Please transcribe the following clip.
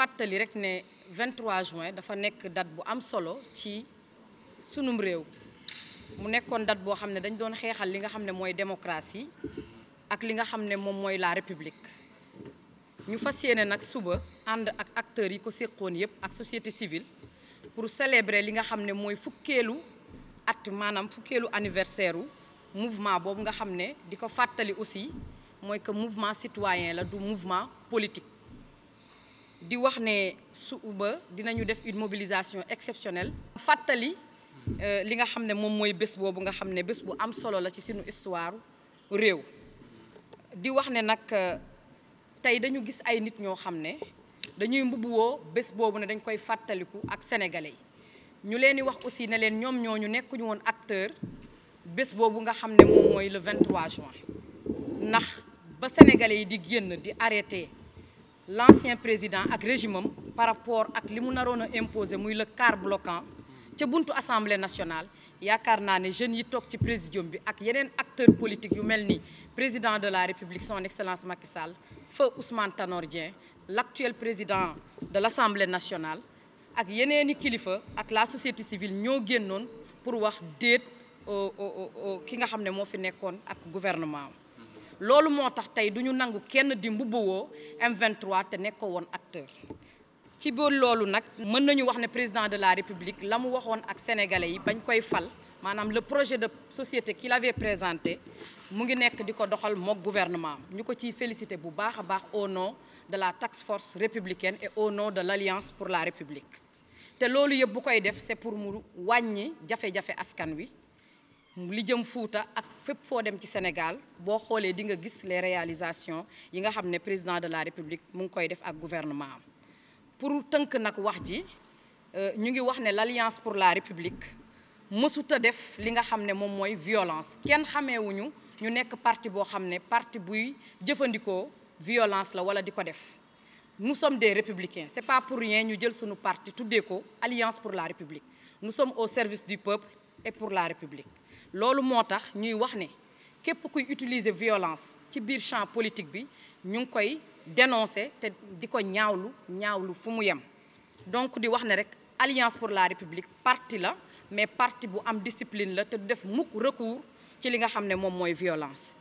fatali rek ne 23 juin dafa nek date bu am solo ci sunum rew mu nekkoon date bo xam dañ doon xéxal li nga xam moy démocratie ak li nga xam mom moy la république ñu fas nak suba and ak acteurs yi ko sékkone yépp ak société civile pour célébrer li nga xam moy mooy at manam fukkeelu anniversaire mouvement bobu nga xam diko fatali aussi moy que mouvement citoyen la du mouvement politique di wax ne suba dinañu def une mobilisation exceptionnelle fàttali euh, li nga xam ne moom mooy bés boobu nga xam ne bés bu am solo la ci suñu histoire réew di wax ne nag euh, tey dañu gis ay nit ñoo xam ne dañuy mbubboo bés boobu ne dañ koy fàttaliku ak sénégalais yi ñu leen di wax aussi ne leen ñoom ñooñu nekkuñu woon acteur bés boobu nga xam ne moom mooy le 23 juin ndax ba sénégalais yi di génn di arrêté l'ancien président le régime par rapport à ce qui a imposé, le car bloquant ca buntu assemblée nationale yakarna y ne jeunes yi tok ci présidium bi ak yenen yu président de la république son excellence Macky Sall feu Ousmane Tanordien, l'actuel président de l'assemblée nationale ak yeneeni kilifa ak la société civile pour wax o ki nga xam mo fi gouvernement Lolu motax tay duñu du nangu kenn di M23 té nekk won acteur ci bo lolu nak mën nañu wax né président de la république lamu mu waxoon ak sénégalais yi bañ koy fal manam le projet de société qu'il avait présenté mu ngi nekk diko doxal mok gouvernement ñu ko ciy félicité bu baax baax au nom de la taxe force républicaine et au nom de l'alliance pour la république té lolu yeb bu koy def c'est pour mu wañi jafé jafé askan wi li jëm Fuuta ak fépp fo dem ci Sénégal bo xolé di nga gis les réalisations yi nga xamné président de la République mu ngi koy def ak gouvernement pour teunk nak wax ji euh, ñu ngi wax né l'Alliance pour la République mësuta def li nga xamné mom moy mooy violence kenn wuñu ñu nekk parti bo xamné parti buy jëfandikoo violence la wala diko def nous sommes des républicains c'est pas pour rien ñu jël suñu parti tuddé ko Alliance pour la République nous sommes au service du peuple et pour la République loolu motax ñuy wax né képp kuy utiliser violence ci biir champ politique bi ñu ngi koy dénoncer té diko ñaawlu ñaawlu fu mu donc di wax né rek alliance pour la république parti la mais parti bu am discipline la té du def mukk recours ci li nga xam ne moom mooy violence